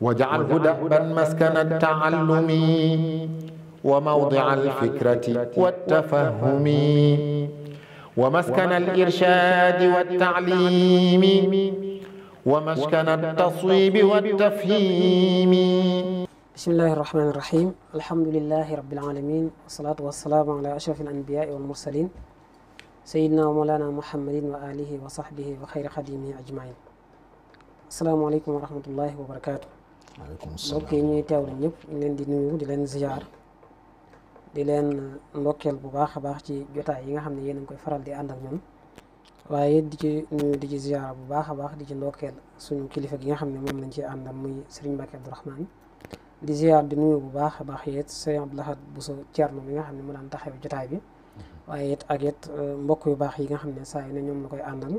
واجعله دأبا مسكن التعلم وموضع الفكرة والتفهم ومسكن الإرشاد والتعليم ومسكن التصويب والتفهيم بسم الله الرحمن الرحيم الحمد لله رب العالمين والصلاة والسلام على أشرف الأنبياء والمرسلين سيدنا ومولانا محمد وآله وصحبه وخير خديمه أجمعين السلام عليكم ورحمة الله وبركاته maaleykum salaam mbokk yi ñuy teewlu ñëpp ñu leen di nuyu di leen ziar di leen ndokkeel bu baax a baax ci jotaay yi nga xam ne yéen a koy faral di ànd ak ñun waaye di ci di ci ziar bu baax a baax di ci ndokkeel suñu kilifa gi nga xam ne moom lañ ci àndal muy Serigne Mbacke Abdou Rahman di ziar di nuyu bu baax a baax yéen Serigne Abdou Lahad Bousso Thierno mi nga xam ne mu daan taxaw jotaay bi waaye it ak it euh, mbokk yu baax yi nga xam ne saa yu ne ñoom la koy àndal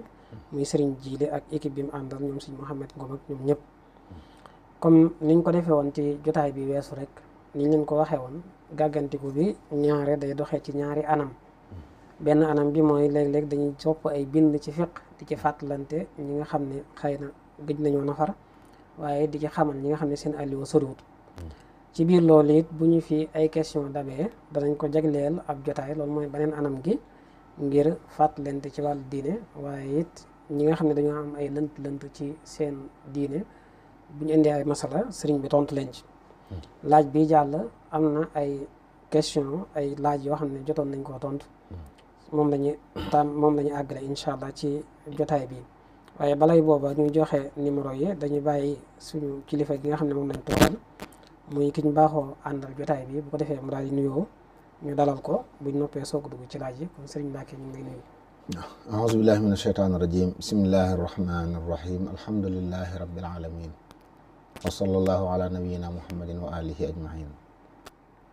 muy Serigne Jiile ak équipe bi mu àndal ñoom Serigne Mouhamed Ngom ak ñoom ñëpp comme niñ ko defee woon ci jotaay bi weesu rek niñ leen ko waxee woon gàggantiku bi ñaare day doxee ci ñaari anam benn anam bi mooy léeg-léeg dañuy sopp ay bind ci fiq di ci fàttalante ñi nga xam ne xëy na gëj nañoo nafar waaye di ci xamal ñi nga xam ne seen àlliwa soriwut ci biir loolu it bu ñu fi ay question dabee danañ ko jagleel ab jotaay loolu mooy beneen anam gi ngir fàttalante ci wàll diine waaye it ñi nga xam ne dañoo am ay lënt lënt ci seen diine bu ñu indee ay masala sëriñ bi tontu leen ci laaj bi jàll am na ay question ay laaj yoo xam ne jotoon nañ koo tontu moom la ñu tam moom la ñu incha allah ci jotaay bi waaye balay booba ñu joxe numéro yi dañuy bàyyi suñu kilifa gi nga xam ne moom lañ toogal muy ki ñu baaxoo àndal jotaay bi bu ko defee mu daal di nuyoo ñu dalal ko buñ noppee soo ko dugg ci laaj yi kon sëriñ Mbacke ñu ngi nuyu. auzu billahi min ashaytaani rajim bismillahi rahmaani rahim alhamdulillahi rabbil alamin wa sallallahu ala nabiyina muhammadin wa alihi ajmain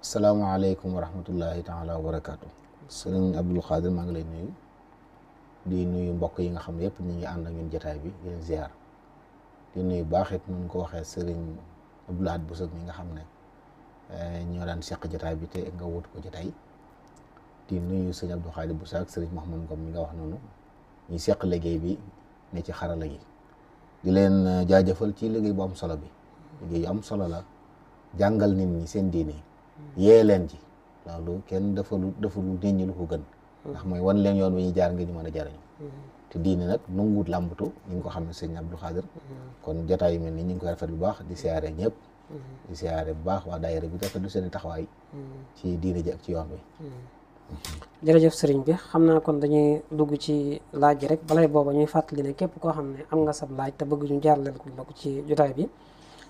asalaamualeykum wa rahmatullahi taala wa barakaatu sëriñ Abdul Xaadir maa ngi lay nuyu di nuyu mbokk yi nga xam ne yëpp ñu ànd ak ñun jotaay bi di leen ziar di nuyu baax it nu ko waxee sëriñ Abdul Ahad Bousso mi nga xam ne eh, ñoo seq jotaay bi te nga wut ko jotaay di nuyu sëriñ Abdul Xaadir Bousso ak sëriñ Mouhamadou Ngom mi nga wax noonu ñu seq liggéey bi ne ci xarala gi di leen eh, jaajëfal ci liggéey bu am solo bi. liggéey am solo la jàngal nit ñi seen diine yee leen ci loolu kenn defalu defalu nit lu ko gën ndax mooy wan leen yoon wi ñuy jaar ngir ñu mën a jariñu diine nag nanguwut làmbatu ñu ko xam ne sëñ Abdou Khadir kon jotaay yu mel nii ñu ngi koy rafet bu baax di siyaare ñëpp di siyaare baax waa daayira bi dafa seen taxawaay ci diine ji ci yoon wi sëriñ bi xam naa kon dañuy dugg ci laaj rek balay booba ñuy fàttali ne képp koo xam ne am nga sab laaj te bëgg ñu jaarleen ko ci jotaay bi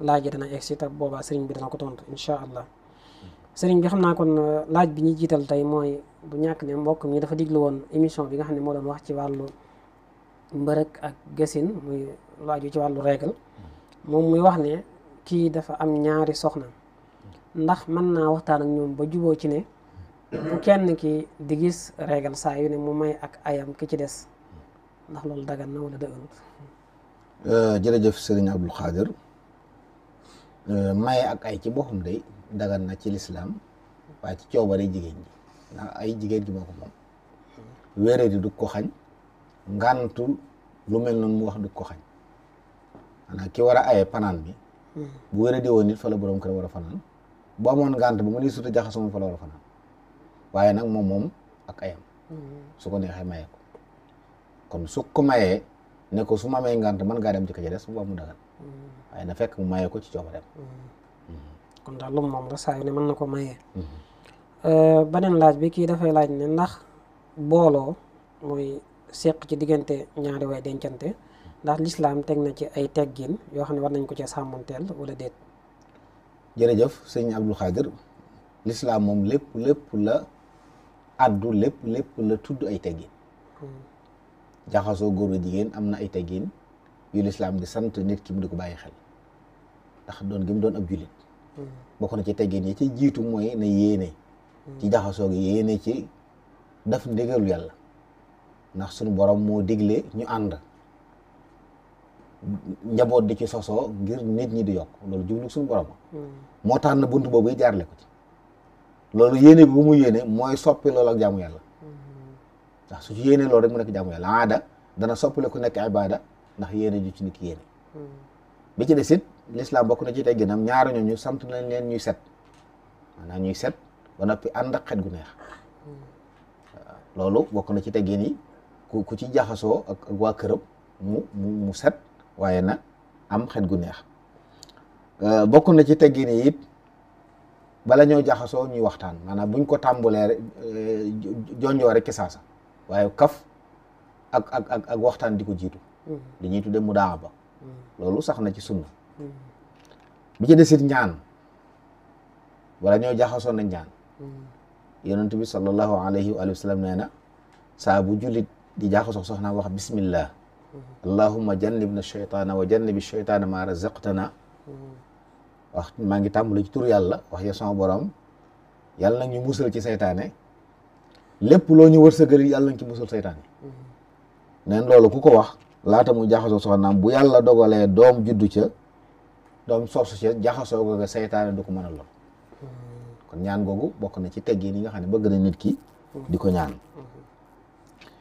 laaj dana egg si boobaa sëriñ bi dana ko tontu incha allah sëriñ bi xam naa kon uh, laaj bi ñuy jiital tey mooy bu ñàkk ne mbokk mi dafa diglu woon émission bi nga xam ne moo doon wax ci wàllu mbërëg ak gësin muy laaju ci wàllu regal moom muy wax ne kii dafa am ñaari soxna ndax mën naa waxtaan ak ñoom ba juboo ci ne bu kenn ki di gis régal saa yu ne mu may ak ayam ki ci des ndax loolu dagan na wala dëgganut uh, jërëjëf sëriñ Abdul Xaadir Euh, maye ak ay ci boppam day dagan na ci lislaam waaye ci coobare jigéen ji ndax ay jigéen ji moo ko moom wéere di du ko xañ ngàntul lu mel noonu mu wax du ko xañ maanaam ki war a aye panaan bi bu wéere di woon nit fa la borom kër war a fanaan bu amoon ngànt bu mu ni suta jaxasoo moom fa la fanaan waaye nag moom moom ak ayam su ko neexee maye ko kon su ko mayee ne ko su ma amee ngànt mën ngaa dem ci ka ca des bu mu dagan waaye na fekk mu maye ko ci coobareem kon daal lu moom la saa yu ne mën na ko mayee mhm. euh, beneen laaj bi kii dafay laaj ne ndax booloo mooy seq ci diggante ñaari way dencante ndax lislaam teg na ci ay teggin yoo xam ne war nañ ko ci sàmmanteel wala déet jërëjëf sëñ Abdul Xaadir lislaam moom lépp lépp la addu lépp lépp la tudd ay teggin hmm. jaxasoo góor a jigéen am na ay teggin yu lislaam di sant nit ki mu di ko bàyyi xel ndax doon gi mu doon ab jullit hmm. bokk na ci teggin yi ci jiitu mooy na yéene hmm. ci jaxasoo gi yéene ci daf ndigalu yàlla ndax suñu borom moo digle ñu ànd njaboot di ci sosoo ngir nit ñi di yokk loolu jublu suñu borom hmm. moo tax na bunt boobu jaarle ko ci loolu yéene bu mu yéene mooy soppi loolu ak jaamu yàlla ndax su ci yéene loolu rek mu nekk jaamu yàlla aada dana soppile ku nekk abaada ndax yéene ju ci nit ki yéene bi ci des it lislaam bokk na ci tegginam ñaar ñu sant nañ leen ñuy set maanaam ñuy set ba noppi ànd ak xet gu neex loolu bokk na ci teggin yi ku ci jaxasoo ak ak waa këram mu mu set waaye nag am xet gu neex euh, bokk na ci teggin yi it bala ñoo jaxasoo ñuy waxtaan maanaam buñ ko tàmbulee euh, jonjoo rek kisaasa waaye kaf ak ak ak ak waxtaan di ko jiitu. dañuy mm-hmm. tudde mu daax ba. Mm-hmm. loolu sax na ci sunna Hmm. bi ci desit ñaan wala ñoo jaxasoon na ñaan hmm. yonent bi sallallahu alayhi wa sallam nee na saa bu jullit di jaxasoo soxna wax bismillah hmm. allahumma jannibna shaytaana wa jannibi shaytaana ma razaqtana wax maa ngi tàmbali ci tur yàlla wax ya sama borom yàlla nag ñu musal ci saytaane lépp loo ñu wërsëgal yàlla nañ ci musal saytaane neen loolu ku ko wax laata mu jaxasoo soxnaam bu yàlla dogalee doom juddu ca doomu soosu ci jaxasoo googu seytaane du ko mën a lor mm-hmm. kon ñaan googu bokk na ci teggin yi nga xam ne bëgg na nit ki mm-hmm. di ko ñaan mm-hmm.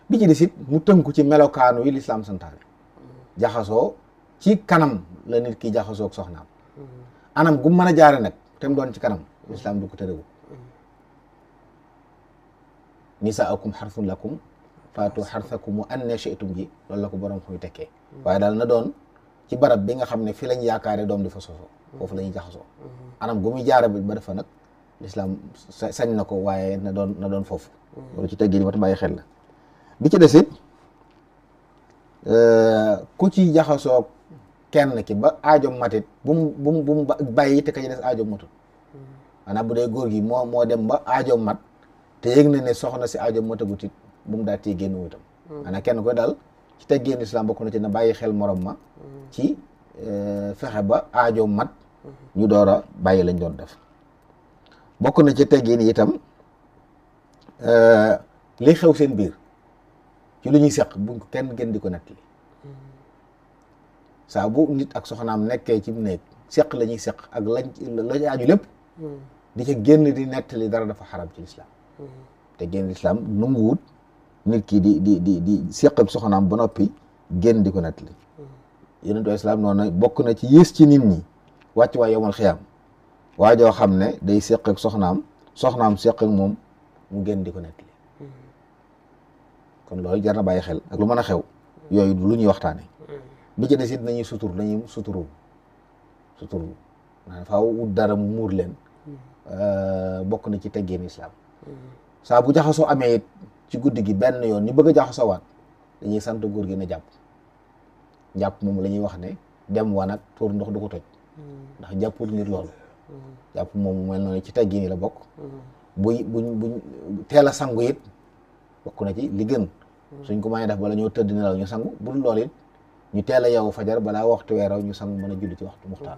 bi ci desit mu tënku ci melokaanu yi lislaam santaane jaxasoo ci kanam la nit ki jaxasoo ak soxnaam anam gu mën a jaare nag te mu doon ci kanam lislaam du ko tëréwu nisaakum xarfun lakum faatu xarsakum wa anna shi'tum ji loolu la ko borom xuy tekkee waaye daal na doon ci barab bi nga xam ne fi lañ yaakaare doom di fa sosoo foofu la ñuy jaxasoo anam gu muy jaara bi ba defa nag lislaam sañ na ko waaye na doon na doon foofu loolu ci teggin mat bàyyi xel la bi ci desit euh, ku ci jaxasoo ki ba aajom matit bu mu bu mu bu mu te ka ci des aajom matut maanaam bu dee góor gi moo moo dem ba aajom mat te yëg na ne soxna si aajom matagut it bu mu daal téye génn mm. kenn koy daal ci teggeen islam bokk na ci na bàyyi xel moroom ma ci euh, fexe ba aajo mat ñu door a bàyyi lañ doon def bokk na ci teggeen itam euh, li xew seen biir ci lu ñuy seq buñ ko kenn gën di ko nettali saa bu nit ak soxnaam nekkee ci néeg seq la ñuy seq ak lañ lañ aju lépp hmm. di ca génn di nettali dara dafa xaram ci lislaam hmm. te génn lislaam nanguwut nit ki di di di di seqab soxnaam ba noppi génn di ko nettali hmm. yonentu islaam noonu bokk na ci yées ci nit ñi wàcc waay yowmal xiyaam waa joo xam ne day seqab soxnaam soxnaam seqak moom mu génn di ko nettali hmm. kon loolu jar na bàyyi xel ak lu mën a xew hmm. yooyu lu ñuy waxtaane bi ci des it nañuy sutur nañuy suturu suturu maanaam faaw wut dara mu leen euh, bokk na ci teggeen islaam saa bu jaxasoo ci guddi gi benn yoon ñu bëgg a jaxasawaat dañuy sant góor gi na jàpp jàpp moom lañuy wax ne dem wanag tuur ndox du ko toj ndax jàppul ngir loolu jàpp moom mel ci teggi la bokk buy buñ teel a sangu it bokk na ci li gën suñ ko mënee def bala ñoo tëdd nelaw ñu sangu bu dul loolu it ñu teel a yow fajar balaa waxtu weeraw ñu sangu mën a julli ci waxtu muxtaar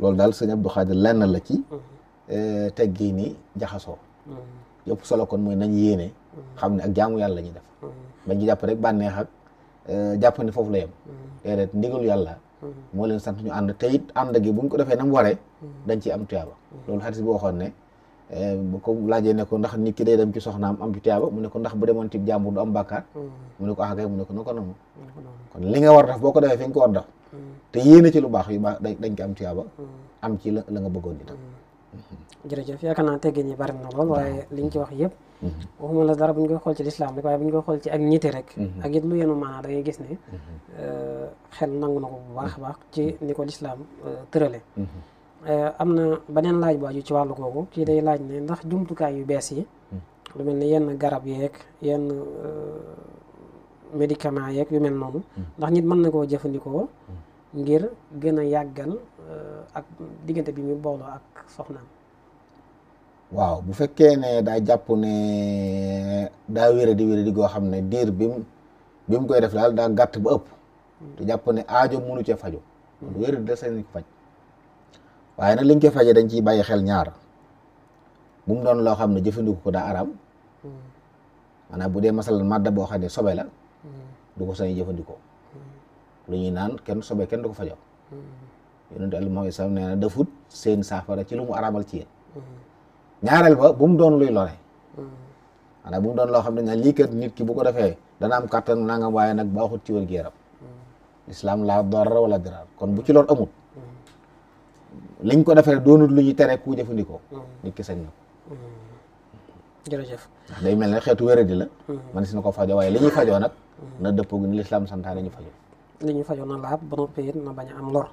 loolu daal sëñ Abdou Khadir lenn la ci mm-hmm. eh, teggi ni jaxasoo yëpp mm-hmm. solo kon mooy nañ yéene xam ne a jaamu yàlla la ñuy def hmm. bañ ci jàpp rek bànneex ak euh, jàpp ne foofu la yem hmm. déedéet ndigalu yàlla hmm. moo leen am tuyaaba loolu xarit bi waxoon ne euh, bu ko laajee ne ko ndax nit ki day dem ci soxnaam am ci tuyaaba mu ne ko ndax bu demoon ci jàmbur du am bàkkaar mu ne ko axakay ah, mu ne ko na ko noonu li nga war def boo ko defee fi nga ko war def te yéene ci lu baax yu baax dañ ko am tuyaaba am ci la la jërëjëf yaakaar naa teggin ñi bari na lool waaye liñ ci wax yëpp mm-hmm. waxuma la dara bu buñ koy xool ci lislaam rek waaye ñu koy xool ci ak ñitte rek mm-hmm. ak yit lu yenu maanaa da ngay gis ne mm-hmm. euh, xel nangu na ko bu baax a baax ci ni ko lislaam euh, tërale euh, am na beneen laaj bu aju ci wàllu kooku kii day laaj ne ndax jumtukaay yu bees yi lu mel ni yenn garab yeeg yenn médicament yeeg yu mel noonu ndax nit mën na koo jëfandikoo ngir gën a yàggal Euh, ak diggante bi mu booloo ak soxnaam. waaw bu fekkee ne daa jàpp ne daa wére di wére xam ne diir bi mu bi koy def daal daa gàtt ba ëpp. Hmm. te jàpp ne aajo mënu cee faju hmm. wére waaye nag liñ koy fajee dañ ciy bàyyi xel ñaar bu mu doon loo xam ne jëfandiku ko daa araam. Hmm. maanaam bu dee masalan ma boo xam ne sobe la. du ko sañ jëfandikoo. lu ñuy naan kenn sobe kenn du ko fajoo. yonente Yàlla mooy sax nee na defut ci lu mu araamal ci yéen ñaareel bu mu doon luy lore maanaam bu mu loo xam ne nag lii kat bu ko defee dana am kàttan nangam waaye nag baaxut ci wér gu yaram islam kon bu ci lor amut liñ ko defee doonut lu ñuy tere ku jëfandikoo nit ki sañ na ko jërëjëf ndax day la hmm. man na ko fajoo waaye li ñuy fajoo hmm. lislaam santaane ñu fajoo li fajoo na laab ba noppi it na bañ a am lor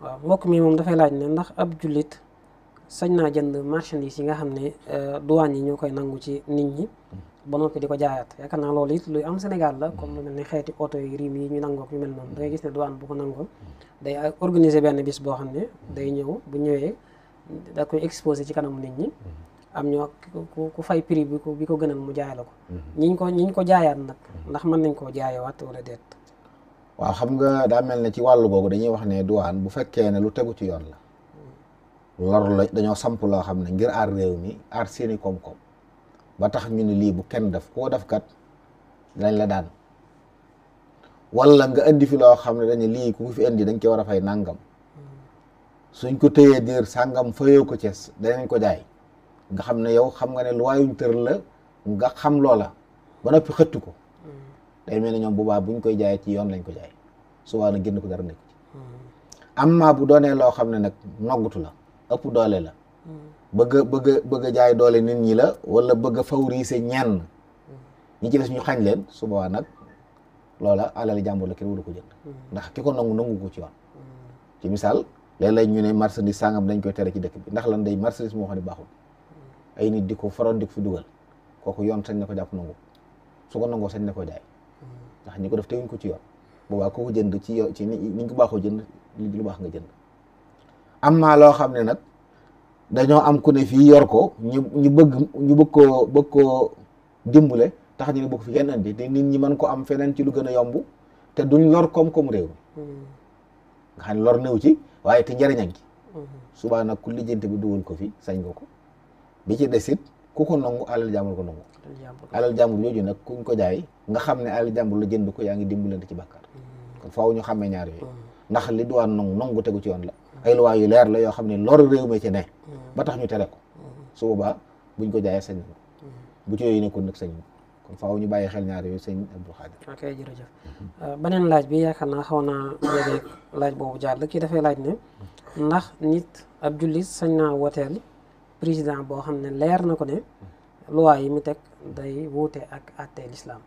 waaw mbokk mi moom dafay laaj ne ndax ab jullit sañ naa jënd marchandise yi nga xam ne euh, duwaan yi ñoo koy nangu ci nit ñi ba noppi di ko jaayaat yaakaar naa loolu it luy am Sénégal la comme lu mel ne xeeti oto yi rim yi ñu nangook yu mel noonu da ngay gis ne douane bu ko nangoo day organiser benn bis boo xam ne day ñëw bu ñëwee da koy exposé ci kanamu nit ñi am ñoo ku fay prix bi ko bi ko gënal mu jaay mm-hmm. ko ñi ko ñiñ ko jaayaat nag ndax mën nañ koo jaayewaat wala deet waaw xam nga daa mel na ci wàllu googu dañuy wax ne duwaan bu fekkee ne lu tegu ci yoon la lor la dañoo samp loo xam ne ngir aar réew mi aar seeni koom-koom ba tax ñu ne lii bu kenn def koo def kat dañ la daan wala nga indi fi loo xam ne dañu lii ku fi indi dañ ci war a fay nangam suñ ko téyee diir sàngam fayoo ko cees danañ ko jaay nga xam ne yow xam nga ne lu waayuñ tër la nga xam loola ba noppi xëttu ko day mel ne ñoom bu baax buñ koy jaayee ci yoon lañ ko jaay souvent nag génn ko dara nekk ci hmm. amma bu doonee loo xam ne nag noggutu la ëpp doole la hmm. bëgg a bëgg bëgg jaay doole nit ñi la wala bëgg a favoriser ñenn hmm. ñi ci des ñu xañ leen su boobaa nag loola alal jàmbur la kenn ko ndax ki ko nangu nangu ko ci yoon ci misaal léeg-léeg ñu ne marchandise sangam dañ koy tere ci dëkk bi ndax lan day marchandise moo xam ne baaxul ay nit di ko faroon di ko fi dugal kooku yoon sañ na ko jàpp nangu su ko nangoo sañ ko jaay ndax ñi ko def teguñ ko ci yoon boobaa ko ko jënd ci yow ci ni ñu ko baaxoo jënd lu baax nga jënd naa loo xam ne nag dañoo am ku fi yor ko ñu ñu bëgg ñu bëgg koo bëgg koo dimbale tax ñu ne bëgg fi kenn andi te nit ñi mën ko am feneen ci lu gën a yomb te duñ lor koom-koomu réew mi mm-hmm. nga xam ne lor ci waaye te njëriñ a ngi mm-hmm. subaa nag ku lijjante bi dugal ko fi sañ nga ko bi ci desit ku ko nangu alal jàmmal ko nangu alal jàmbur jooju nag kuñ ko jaay nga xam ne al jàmbur la jënd ko yaa ngi dimbalante ci bàkkaar mm. kon faaw ñu xamee ñaar yooyu mm. ndax li duwaan nangu nangu tegu ci yoon la ay luwaa yu leer la yoo xam ne lor réew mi ci ne mm. ba tax ñu tere ko su boobaa buñ ko jaayee sañ bu ci yooyu nekkoon nag sañ kon faaw ñu bàyyi xel ñaar yooyu sëñ Abdou Khadir ok jërëjëf mm-hmm. euh, beneen laaj bi yaakaar naa xaw naa léegi laaj boobu jàll kii dafay laaj ne ndax nit a jullit sañ naa woteel président boo xam ne leer na ko ne mm-hmm. loi yi mu teg day wuute ak àttee lislaam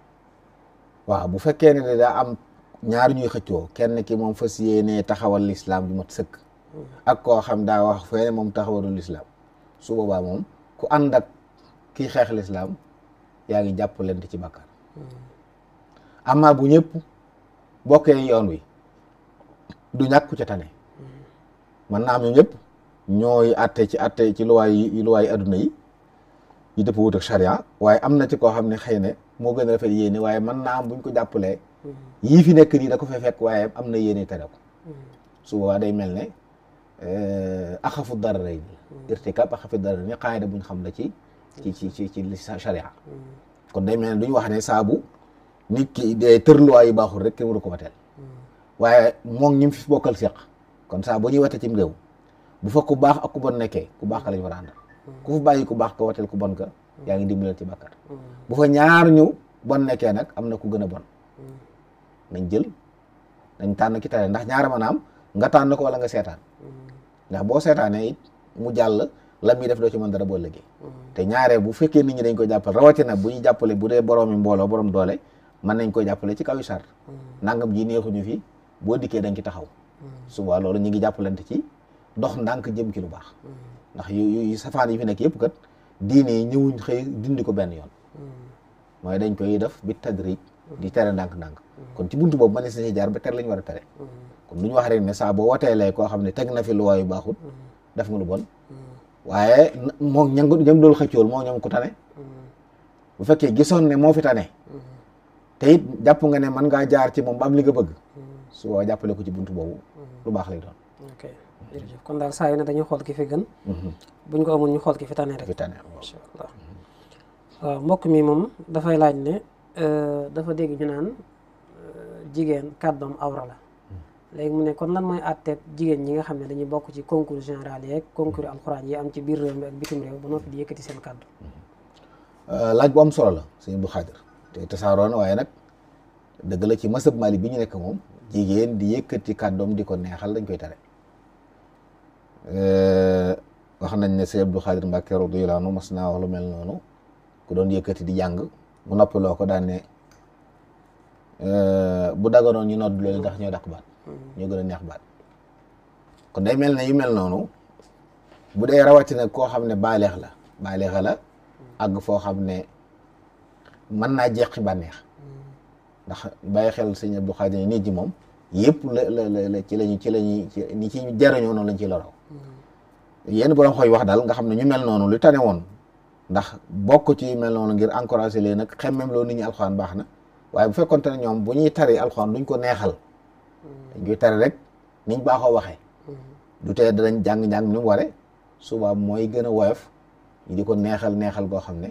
waaw bu fekkee ne daa am ñaar ñuy xëccoo kenn ki moom fas ne taxawal lislaam bu mat sëkk hmm. ak koo xam daa wax fee moom taxawalul lislaam su boobaa moom ku ànd ak kii xeex lislaam yaa ngi jàpp leen jàppalante ci bàkkaar hmm. amaa bu ñëpp bokkee yoon wi du ñàkk ca tane hmm. mën naa am ñoom ñëpp ñooy atte ci atte ci luwaay yi luwaay adduna yi yu dëpp wut ak charia waaye am na ci koo xam ne xëy na moo gën a rafet yéene waaye man naa am buñ ko jàppalee mm-hmm. yii fi nekk nii da ko fa fekk waaye am na yéene tere ko mm-hmm. su boobaa day mel ne eh, axafu dararayn mm-hmm. irtikab axafu dararayn xaayida buñ xam la ci ci ci ci ci charia kon day mel ne duñ wax ne saabu nit ki dee tërluwaay yu baaxul rek kenn waru ko wateel waaye moom ñi mu fi bokkal seq kon saa bu ñuy wate ci bu fa ku baax ak ku bon nekkee ku baax ka lañ war ku fa bàyyi ku baax ko wateel ku bon ka yaa ngi dimbalal ci bàkkaar bu fa ñaar ñu bon nekkee nag am na ku gën a bon nañ jël dañ tànn ki tane ndax ñaara maanaam nga tànn ko wala nga seetaan ndax boo seetaanee it mu jàll lam yi def doo ci mën dara boo liggéey te ñaaree bu fekkee nit ñu dañ ko jàppale rawatina bu ñu jàppale bu dee boroomi mbooloo borom doole mën nañ koy jàppale ci kaw yu sar nangam ji neexuñu fi boo dikkee dañ ci taxaw suba loolu ñu ngi jàppalante ci dox ndànk jëm ci lu baax ndax yu yu safaan yi fi nekk yëpp kat diine yi ñëwuñ xëy dindi ko benn yoon hmm. mooy dañ koy def bi tadrij hmm. di tere ndànk-ndànk hmm. kon ci buntu boobu ma ne sañe jaar ba tere lañ war a tere kon duñ wax rek ne saa boo watee lay koo xam ne teg na fi lu waayu baaxul def nga lu bon waaye moom ña ñam dool xëccool moom ñoom ku tane bu fekkee gisoon ne moo fi tane te it jàpp nga ne mën ngaa jaar ci moom ba am li nga bëgg su boobaa ci buntu boobu lu baax lay doon kon daal saa yu ne dañuy xool ki fi gën mhm. buñ ko amul ñu xool ki fi tane rek mbokk mi moom dafay laaj ne euh, dafa dégg ñu naan euh, jigéen kàddoom awra la mhm. léegi mu ne kon lan mooy àtteeb jigéen ñi nga xam ne dañuy bokk ci concours général yeeg concours mhm. alxuraan yi am ci biir réew mi ak bitim réew ba noppi di yëkkati seen kàddu euh, laaj bu am solo la sëñ bu xaadir te tasaaroo waaye nag dëgg la ci masab mali bi ñu nekk moom jigéen di yëkkati kàddoom di ko neexal dañ koy tere Eh, wax nañ ne Sëriñ Abdou Khadir Mbacke radiyallahu anhu mas naa wax lu mel noonu ku doon yëkkati di jàng mu noppaloo ko daan ne eh, bu daganoon ñu nodd loolu ndax ñoo dàq baat ñoo gën a neex baat kon day mel ne yu mel noonu bu dee rawatina koo xam ne baaleex la baaleex la àgg foo xam ne mën naa jeqi bànneex ndax bàyyi xel sëñ Abdou Khadir nit ji moom yëpp la la la ci lañu ci ci ni ci jariñoo noonu lañ ci loroo yenn borom xooy wax daal nga xam ne ñu mel noonu lu tane woon ndax bokk ci mel noonu ngir encourager leen nag xemmem loo nit ñi alxuraan baax na waaye bu fekkonte ne ñoom bu ñuy tari alxuraan duñ ko neexal hmm. dañ koy tari rek niñ baaxoo waxee hmm. du tee danañ jàng-njàng ni mu suba mooy gën a woyof ñu ko neexal neexal goo xam ne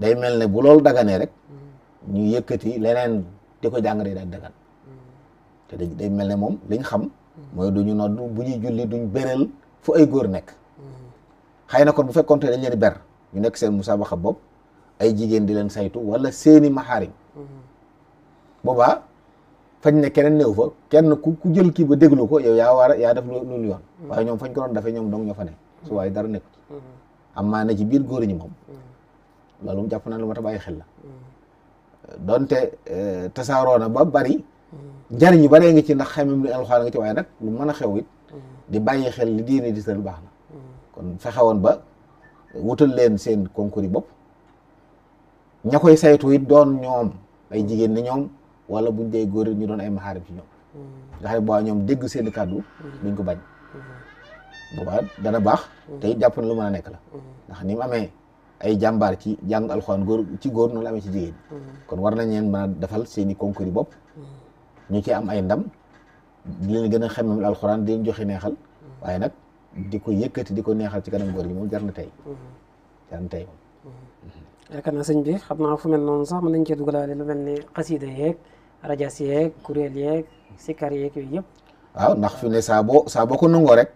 day mel ne bu loolu daganee rek hmm. ñu yëkkati leneen di ko jàng day daal dagan te day mel ne moom liñ xam mooy duñu nodd bu ñuy julli duñ béral fu ay góor nekk xëy na kon bu fekkoon te dañ leen ber ñu nekk seen musaabaxa bopp ay jigéen di leen saytu wala seeni maxaarim boobaa fañ ne keneen néew fa kenn ku ku jël kii ba déglu ko yow yaa def loolu yoon waaye ñoom fañ ko doon dafee ñoom dong ñoo fa ne su waaye dara nekku ci maa na ci biir góor ñi moom loolu jàpp naa lu ma ta bàyyi xel la donte eh, tasaaroo na ba bari mm. njariñ yu baree ngi ci ndax xamem lu alxuraan nga waaye nag lu mën a xew it di bàyyi xel li diine di tëral baax na kon fexe woon ba wutal leen seen concours bopp ña koy saytu it doon ñoom ay jigéen ni ñoom wala buñ dee góor ñu doon ay maxaarim ci ñoom nga xam ne boobaa ñoom dégg seen i kàddu duñ ko bañ boobaa baax te it jàpp lu ma a nekk la ndax ni amee ay jàmbaar ci jàng alxuraan ci góor noonu la amee ci jigéen kon war nañ leen mën a defal seen i concours bopp ñu ci am ay ndam di leen gën a xemmam alxuraan di leen joxe neexal waaye nag di ko yëkkati di ko neexal ci kanam góor yi moom jar na tey jar na tey moom yaakaar naa sëñ bi xam naa fu mel noonu sax mën nañ cee dugalaale lu mel ni xasiida yeeg rajas yeeg kuréel yeeg sikar yooyu yëpp waaw ndax fi ne saa boo saa ko nangoo rek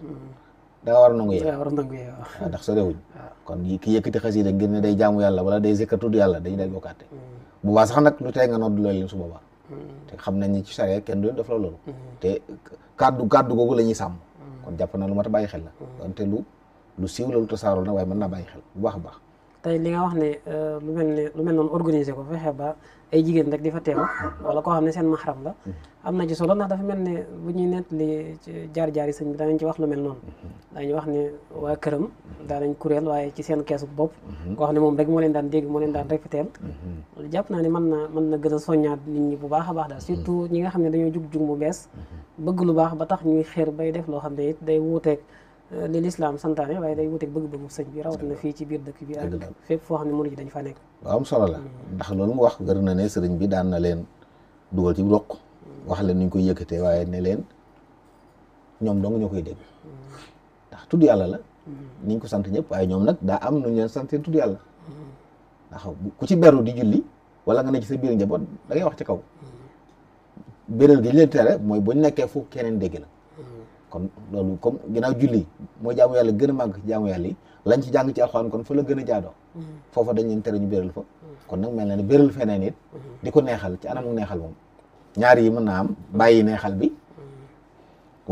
da nga war a nangu yee war a nangu yee waaw ndax sorewuñ kon ki yëkkati xasiida ngir ne day jaamu yàlla wala day zikkar yàlla dañ day bokkaate bu baax sax nag lu tey nga nodd loolu leen su boobaa te xam nañ ni ci sariya kenn du def la loolu. te kàddu kàddu googu la ñuy sàmm. kon jàpp na lu mat a bàyyi xel la. Mm. wante lu lu siiw la lu tasaaroo na waaye mën na bàyyi xel bu baax a tey li nga wax ne euh, lu mel ne lu mel noonu organiser ko fexe ba ay jigéen rek di fa teew wala koo xam ne seen maxaram la mm-hmm. am na ci solo ndax dafa mel ne bu ñuy nettali jaar jaar yi sëñ bi daanañ ci wax lu mel noonu mm-hmm. dañu wax ne waa këram daanañ kuréel waaye ci seen keesu bopp mm-hmm. koo xam ne moom rek moo leen daan dégg moo leen daan répéteel jàpp naa ne mën na mën na gën a soññaat nit ñi bu baax a baax daal surtout ñi nga xam ne dañoo jug jug mu bees bëgg lu baax ba tax ñuy xeer bay def loo xam ne it day wuuteeg Euh, li lislaam santaane waaye day wuteeg bëgg-bëggu sëñ bi na fii ci biir dëkk bi ak fépp foo xam ne murid yi dañ fa nekk waaw am solo la hmm. ndax loolu mu wax gër na ne sëriñ bi daan na leen dugal ci roq hmm. wax leen nuñ koy yëkkatee waaye ne leen ñoom dong ñoo koy dégg hmm. ndax tudd yàlla la niñ ko sant ñëpp waaye ñoom nag daa am nuñ leen santee tudd yàlla ku ci beru di julli wala nga ne ci sa biir njaboot da ngay wax ci kaw beneen gi ñu leen tere mooy buñ nekkee fu keneen dégg la kon loolu comme ginnaaw julli mooy jaamu yàlla gën a màgg jaamu yàlla lañ ci jàng ci alxuraan kon fa la gën a jaadoo mm-hmm. foofa dañ leen tere ñu béral fa mm-hmm. kon nag mel na ne feneen it mm-hmm. di neexal ci anam neexal moom ñaar yi mën naa am neexal bi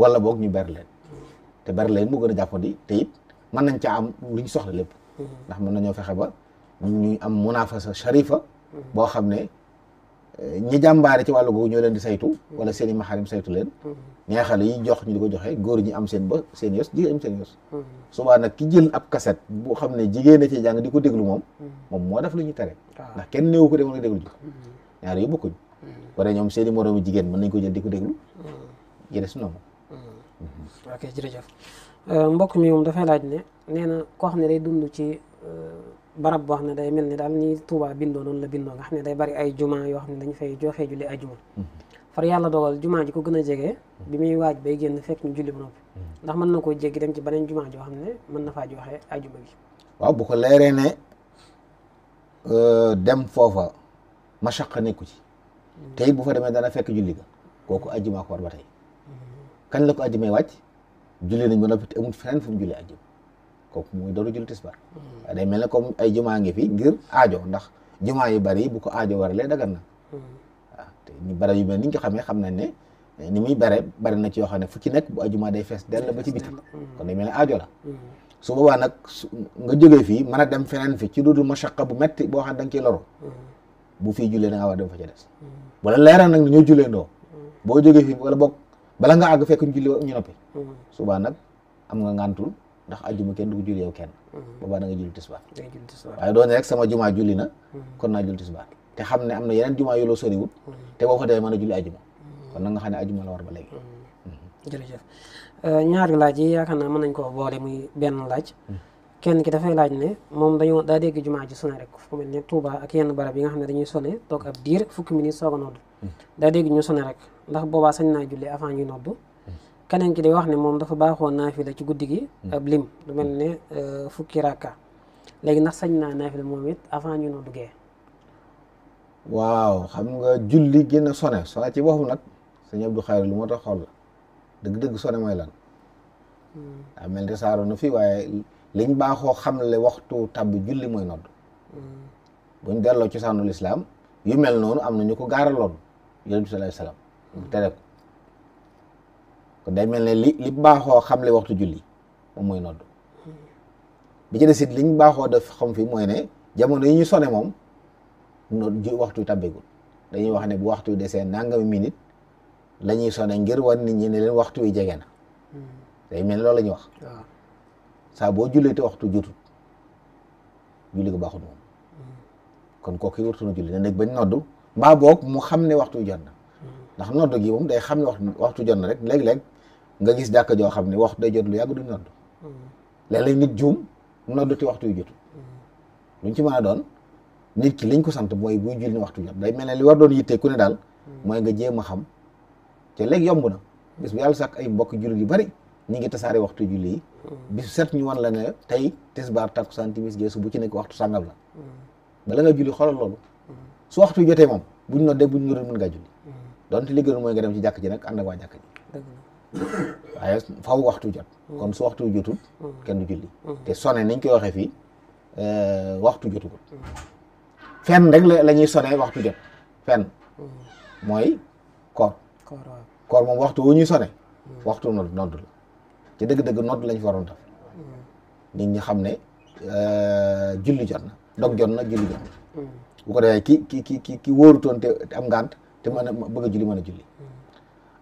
wala boog ñu ber leen te ber leen mu gën a di te it mën nañ ca am lu ñu soxla lépp ndax mën nañoo fexe ba ñu am munaafasa sharifa boo xam ne ñi jàmbaare ci wàllu googu ñoo leen di saytu wala seen i maxaarim saytu leen mm-hmm. neexal yi jox ñu di ko joxe góor ñi am seen ba seen yos jigéen am seen yos mm-hmm. subaa nag ki jël ab kaset bu xam ne jigéen a di ko déglu moom mm-hmm. moom moo def lu ñuy tere ah. ndax kenn néewu ko demoon nga ñoom seen i moroomi jigéen mën nañ ko jël di ko déglu jële su noonu mbokk mi moom dafay laaj ne nee na xam ne day dund ci euh, barab boo xam ne day mel ni daal ni Touba bindoo noonu la bindoo nga xam ne day bari ay juma yoo xam ne dañ fay joxee julli ay juma mm-hmm. far yàlla dogal juma ji ko gën a jege bi muy waaj bay génn fekk ñu julli ba mm-hmm. ndax mën na koo jéggi dem ci beneen juma joo xam ne mën na faa joxe ay juma waaw bu ko leeree ne euh, foofa machaqa nekku ci mm-hmm. tey bu fa demee dana fekk julli ga kooku ajjuma war ba tey kan la ko ajjumee wàcc julli nañ ba noppi te amul feneen fu mu julli ajjuma kooku muy a jul tisbaar waaye day mel ne comme ay jumaa ngi fi ngir aajo ndax jumaa yu bari bu ko aajo waralee dagan na waaw te ñu bare yu mel ni ñu ko xamee xam nañ ne ni muy bare bare na ci yoo xam ne fu ci nekk bu ajuma day fees dell ba ci biti kon day mel aajo la mm. su boobaa nag nga jógee fii mën a dem feneen fi ci dootul mashaqqa bu metti boo xam ne da mm. bu fii jullee da nga war dem fa ca des mm. la leeral nag ne ñoo jullee ndoo boo jógee fii wala boog bala nga àgg fekk ñu julli ñu noppi nag am nga ngàntul ndax ajjuma kenn du ko julli yow kenn mhm. boobaa da nga julli tisbaar waaye doone rek sama jumaa julli na mhm. kon naa julli tisbaar te xam ne am na yeneen jumaa yu la soriwut mhm. te boo ko demee mën a julli ajjuma kon na nga xam ne ajjuma la war ba léegi euh, ñaari laaj yi yaakaar naa mën nañ koo boole muy benn laaj kenn ki dafay laaj ne moom dañoo daa dégg jumaa ji sone rek fu mel ne Touba ak yenn barab yi nga xam ne dañuy sone toog ab diir fukki minutes soog a nodd daa dégg ñu sone rek ndax boobaa sañ naa julli avant ñuy nodd keneen ki di wax ne moom dafa baaxoo naafila ci guddi gi mm. ab lim lu mel mm. ne euh, fukki rakka léegi ndax sañ naa naafila moom it avant ñu nu duggee waaw xam nga julli gën a sone sone ci boppam nag sëñ Abdou Khayr lu moo tax xool la dëgg-dëgg sone mooy lan mm. mel ni saaro na fii waaye liñ baaxoo xamle waxtu tàbb julli mooy nodd buñ delloo ci saanul lislaam yu mel noonu am na ñu ko gaaraloon yonent bi sallallahu alayhi kon day mel ne li li baaxoo xam xamle waxtu julli moom mooy nodd bi ci des liñ baaxoo def xam fi mooy ne jamono yi ñu sone moom nodd waxtu tàbbeegul dañuy wax ne bu waxtu wi desee nangami minute lañuy sone ngir wan nit ñi ne leen waxtu wi jege na hmm. day mel ne loolu lañuy wax saa boo jullee te waxtu jotut julli ko baaxut moom hmm. kon kooku yi wartu julli na nekk bañ nodd mbaa boog mu xam ne waxtu jot na hmm. ndax nodd gi moom day xam ne waxtu jot na rek léeg-léeg nga gis jàkka joo xam ne wax day jot lu yàgg duñ nodd mm. léeg-léeg nit juum mu nodd ci waxtu yu jotu mm. luñ ci mën doon nit ki liñ ko sant mooy buy julli waxtu jot day mel ne li war doon yittee ku ne daal mm. mooy nga jéem a xam te léegi yomb na bis bu yàlla sàkk ay mbokk jullit yu bari ñi ngi tasaare waxtu julli yi bis set ñu wan la ne tey tisbaar takkusaan timis gee su bu ci nekk waxtu sàngam la bala nga julli xoolal loolu su waxtu jotee moom buñ noddee buñ noddee mën ngaa julli donte li gën mooy nga waaye faw waxtu jot hmm. kon su waxtu jotul hmm. kenn du julli hmm. te sone nañ koy waxee fii eh, waxtu jotugul fenn rek la ñuy sone waxtu jot fenn mooy koor koor moom waxtu wu ñuy sone waxtu nodd nodd la ci dëgg-dëgg nodd lañ fa waroon def nit ñi xam ne eh, julli jot na dog jot na julli jot na bu ko defee ki ki ki ki wóorutoon te am ngànt te mën a bëgg a julli mën a julli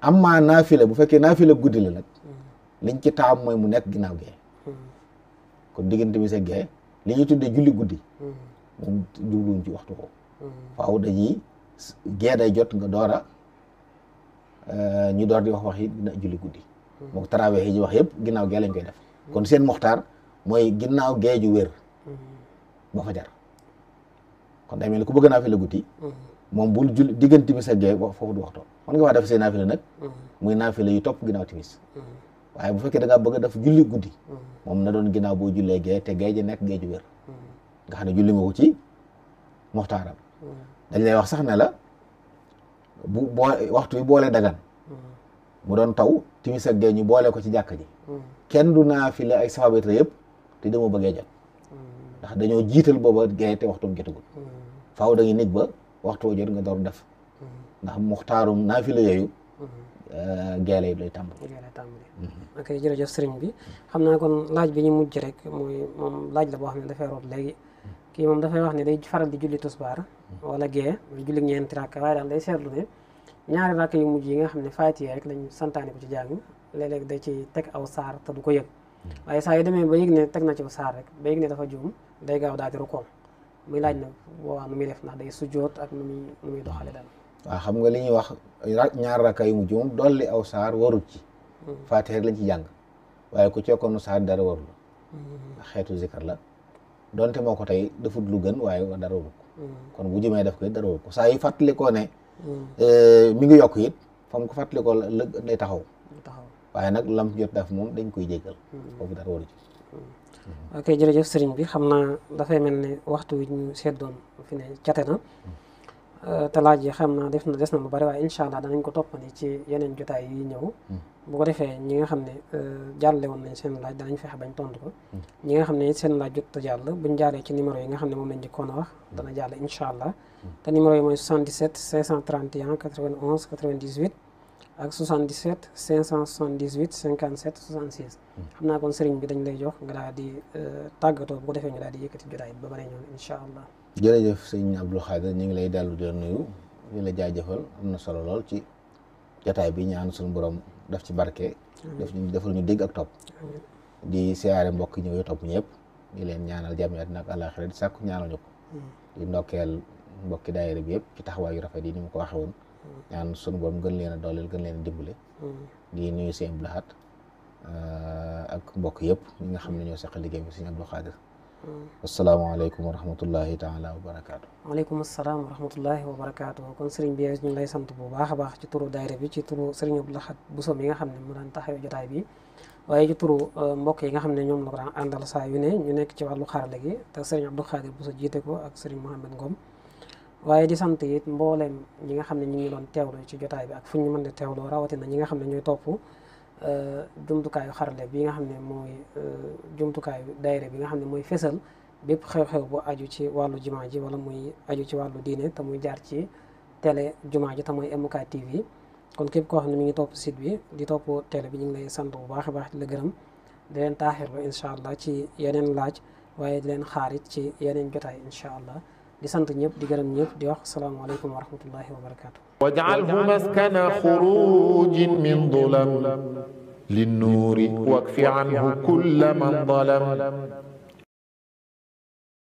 am maa naafila bu fekkee naafila guddi la nag hmm. liñ ci taam mooy mu nekk ginnaaw gee hmm. kon diggante bi sa gee li ñuy julli guddi hmm. moom jubluwuñ ci waxtu ko faaw dañuy gee day jot nga doora euh, ñu door di wax wax yi dina julli guddi mook tarawee yi wax yëpp ginnaaw gee lañ koy def kon seen muxtaar mooy ginnaaw gee ju wér ba fajar kon day mel ni ku bëgg naafila guddi moom bul diggan diggante timis ak gee foofu du waxtu mën nga wax def say naafila nag mm-hmm. muy naafila yu topp ginnaaw timis mm-hmm. waaye bu fekkee da ngaa bëgg def julli guddi mm-hmm. moom na doon ginnaaw boo jullee gee te gee ji nekk gee ju wér nga xam ne julli nga ko ci moxtaaram dañ lay wax sax ne la bu boo waxtu yi boolee dagan mu doon taw timis ak gee ñu boole ko ci jàkk ji kenn du naa naafila ay safaabitra yëpp te demoo bëggee jot ndax dañoo jiital booba gee te waxtum jotagul waxtu jot nga door def ndax naa muxtaarum naafila yooyu mm-hmm. eh, geele yi lay tàmbali geele tàmbali mm-hmm. ok jërëjëf sëriñ bi xam naa kon laaj bi ñu mujj rek mooy moom laaj la boo xam ne dafay root léegi mm-hmm. kii moom dafay wax ne day faral di julli tusbaar wala gee muy julli ñeenti rakk waaye daal day seetlu ne ñaari rakk yu mujj yi nga xam ne faatiya rek lañu santaane ko ci jàng léeg-léeg da ci teg aw saar te du ko yëg waaye saa yi demee ba yëg ne teg na ci aw saar rek ba ne dafa juum day gaaw daal di muy laaj na boobaa nu muy def ndax day sujjoot ak nu muy nu muy doxale daal waaw xam nga li ñuy wax ñaar rakka yu mujj moom dolli aw saar warut ci hmm. faatiha rek ci jàng waaye ku cookoonu saar dara warul ndax hmm. xeetu la donte moo ko tey defut lu gën waaye dara warul hmm. kon bu jëmee def ko it dara warul ko saa yu fàttalikoo ne eh, mi ngi yokk it fa ko fàttalikoo la day taxaw waaye nag lam jot daf moom dañ koy jéggal boobu dara waru ci Mm-hmm. ok jërëjëf sëriñ bi xam naa dafay mel ni waxtu ñu seddoon fi ne cate na mm-hmm. te laaj yi xam naa def na des na lu bari waaye incha allah danañ ko topp toppandi ci yeneen jotaay yi ñëw mm-hmm. bu ko defee ñi nga xam ne euh, jàlle woon nañ seen laaj danañ fexe bañ tontu ko ñi nga xam ne seen laaj jot a jàll buñ jaaree ci numéro yi nga xam ne moom lañ njëkkoon a wax dana jàll incha allah te numéro yi mooy 77 531 91 98 ak 77 578 57 76. xam naa kon sëriñ bi dañ lay jox nga daal di euh, tàggatoo bu ko defee ñu daal di yëkkati jotaay bi ba pare ñoom incha allah. jërëjëf sëñ Abdou Khadre ñu ngi lay dellu di nuyu ñu la jaajëfal am na solo lool ci jataay bi ñaan suñu borom daf ci barke. daf ñu defal ñu dégg ak topp. di siyaare mbokk ñëw yu topp ñëpp di leen ñaanal jàmm àddina ak àllaaxira di sàkku ñaanal ñu ko. Hmm. di ndokkeel mbokki daayira bi yëpp ci taxawaay yu rafet yi ni mu ko waxee ñaan sunu borom gën leena a dooleel gën leen a dimbale. Mm-hmm. di nuyu seen blaxaat uh, ak mbok yëpp ñi nga xam ne ñoo seq liggéey bi sëñ Abdou Khadir. Mm-hmm. asalaamaaleykum wa rahmatullahi taala wa barakaatu. waaleykum salaam wa rahmatullahi wa barakaatu kon Serigne bi ñu lay sant bu baax baax ci turu daayira bi ci turu Serigne Abdou Lahad Bousso mi nga xam ne mu daan taxaw jotaay bi waaye ci turu uh, mbokk yi nga xam ne ñoom la ko àndal saa yu ne ñu nekk ci wàllu xarale gi te Serigne Abdou Khadir Bousso jiite ko ak Serigne Mohamed Ngom. waaye di sant it mbooleem ñi nga xam ne ñu ngi doon teewlu ci jotaay bi ak fu ñu mën a teewloo rawatina ñi nga xam ne ñooy topp euh, jumtukaayu xarale bi nga xam ne mooy euh, jumtukaayu daayira bi nga xam ne mooy fésal bépp xew-xew bu aju ci wàllu jumaa ji wala muy aju ci wàllu diine te muy jaar ci télé jumaa ji te mooy MK TV kon képp koo xam ne mu ngi topp site bi di topp télé bi ñu ngi lay sant bu baax a baax di la gërëm di leen taaxirlu incha allah ci yeneen laaj waaye di leen xaarit ci yeneen jotaay incha allah di sant ñëpp di gërëm ñëpp di wax salaamaaleykum wa rahmatullahi wa barakaatu waj'alhu maskana xurujin min dulam linnuuri wakfi anhu kulla man dalam